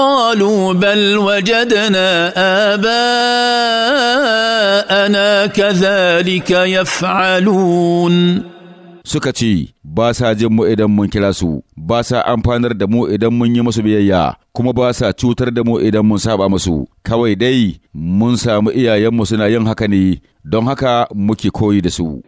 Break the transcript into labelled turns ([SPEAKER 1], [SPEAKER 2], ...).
[SPEAKER 1] قالوا بل وجدنا آباءنا
[SPEAKER 2] كذلك يفعلون suka ce ba sa jin mu idan mun kira su ba sa amfanar da mu idan mun yi musu biyayya kuma ba sa cutar da mu idan mun saba musu kawai dai mun samu iyayenmu suna yin haka ne don haka muke koyi da su